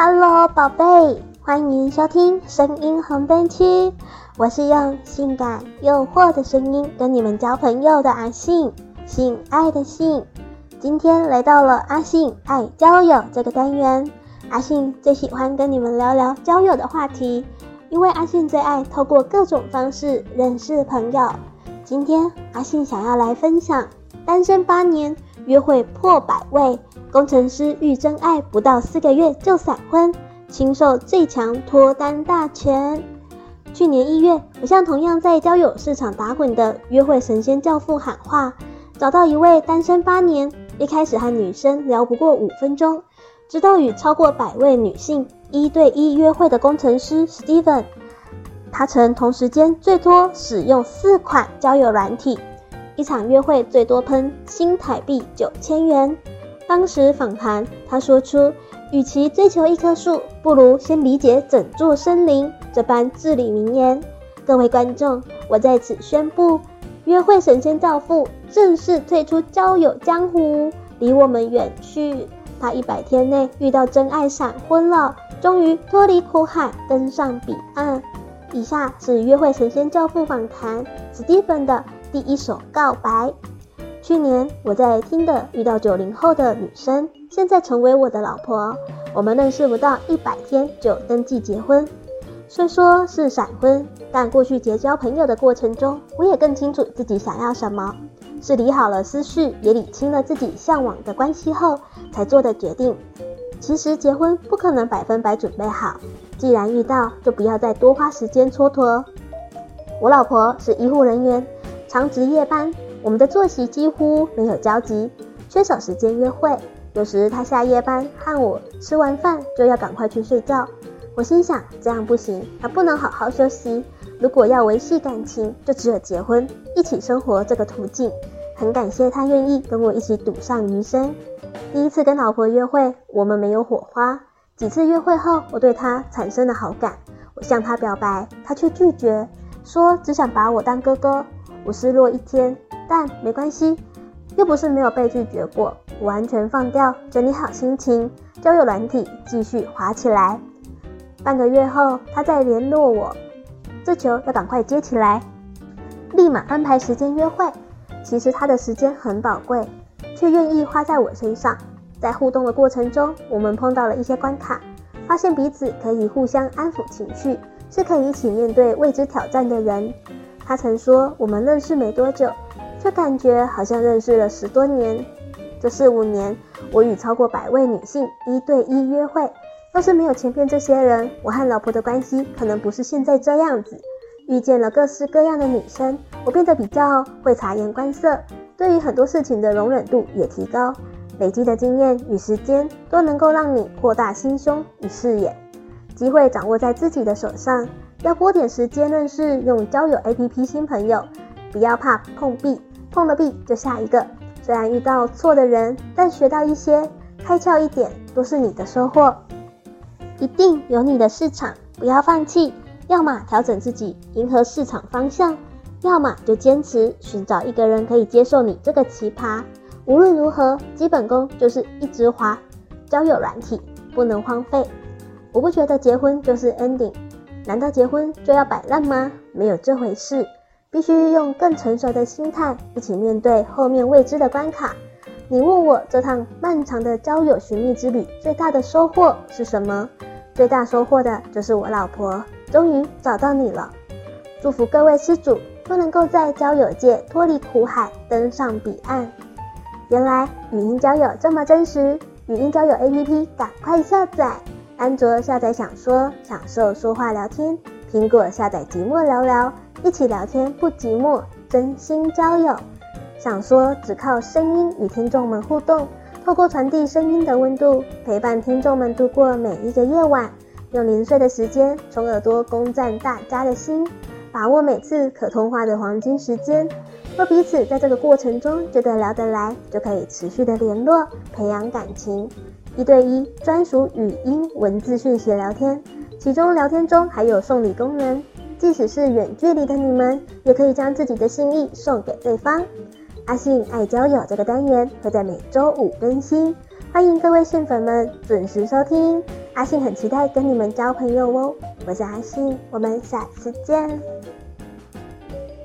哈嘍，寶貝，歡迎收聽聲音紅燈區。我是用性感誘惑的聲音跟你們交朋友的阿性，性愛的性。今天來到了阿性愛交友這個單元。阿性最喜歡跟你們聊聊交友的話題，因為阿性最愛透過各種方式認識朋友。今天阿性想要來分享單身八年。約會破百位，工程師遇真愛不到四個月就閃婚，親授最強脫單大全。去年一月，我向同樣在交友市場打滾的約會神仙教父喊話，找到一位單身八年，一開始和女生聊不過五分鐘，直到與超過百位女性一對一約會的工程師 Steven。他曾同時間最多使用四款交友軟體。一場約會最多噴新台幣九千元。當時訪談，他說出：“與其追求一棵樹，不如先理解整座森林。”這般至理名言。各位觀眾，我在此宣布，約會神仙教父正式退出交友江湖，離我們遠去。他一百天內遇到真愛閃婚了，終於脫離苦海，登上彼岸。以下是約會神仙教父訪談，Steven 的。第一首告白，去年我在 Tinder，遇到九零後的女生，現在成為我的老婆。我們認識不到一百天就登記結婚，雖說是閃婚，但過去結交朋友的過程中，我也更清楚自己想要什麼，是理好了思緒，也理清了自己嚮往的關係後才做的決定。其實結婚不可能百分百準備好，既然遇到，就不要再多花時間蹉跎。我老婆是醫護人員。常值夜班，我們的作息幾乎沒有交集，缺少時間約會。有時他下夜班，和我吃完飯就要趕快去睡覺。我心想，這樣不行，他不能好好休息。如果要維繫感情，就只有結婚、一起生活這個途徑。很感謝他願意跟我一起賭上餘生。第一次跟老婆約會，我們沒有火花。幾次約會後，我對她產生了好感。我向她表白，她卻拒絕，說只想把我當哥哥。我失落一天，但沒關係，又不是沒有被拒絕過，我完全放掉，整理好心情，交友軟體繼續滑起來。半個月後，他再聯絡我，這球要趕快接起來，立馬安排時間約會。其實他的時間很寶貴，卻願意花在我身上。在互動的過程中，我們碰到了一些關卡，發現彼此可以互相安撫情緒，是可以一起面對未知挑戰的人。他曾說：“我們認識沒多久，卻感覺好像認識了十多年。這四五年，我與超過百位女性一對一約會，要是沒有前面這些人，我和老婆的關係可能不是現在這樣子。遇見了各式各樣的女生，我變得比較會察言觀色，對於很多事情的容忍度也提高。累積的經驗與時間，都能夠讓你擴大心胸與視野。機會掌握在自己的手上。”要撥點時間認識用交友 A P P 新朋友，不要怕碰壁，碰了壁就下一個。雖然遇到錯的人，但學到一些開竅一點都是你的收穫。一定有你的市場，不要放棄。要麼調整自己迎合市場方向，要麼就堅持尋找一個人可以接受你這個奇葩。無論如何，基本功就是一直滑，交友軟體不能荒廢。我不覺得結婚就是 ending。難道結婚就要擺爛嗎？沒有這回事，必須用更成熟的心態，一起面對後面未知的關卡。你問我這趟漫長的交友尋覓之旅最大的收穫是什麼？最大收穫的就是我老婆，終於找到你了。祝福各位施主都能夠在交友界脫離苦海，登上彼岸。原來語音交友這麼真實，語音交友 APP 趕快下載。安卓下載享說，享受說話聊天；蘋果下載寂寞聊聊，一起聊天不寂寞，真心交友。享說只靠聲音與聽眾們互動，透過傳遞聲音的溫度，陪伴聽眾們度過每一個夜晚，用零碎的時間從耳朵攻占大家的心，把握每次可通話的黃金時間，若彼此在這個過程中覺得聊得來，就可以持續的聯絡，培養感情。一對一專屬語音文字訊息聊天，其中聊天中還有送禮功能，即使是遠距離的你們，也可以將自己的心意送給對方。阿性愛交友這個單元會在每周五更新，歡迎各位性粉們準時收聽。阿性很期待跟你們交朋友哦，我是阿性，我們下次見。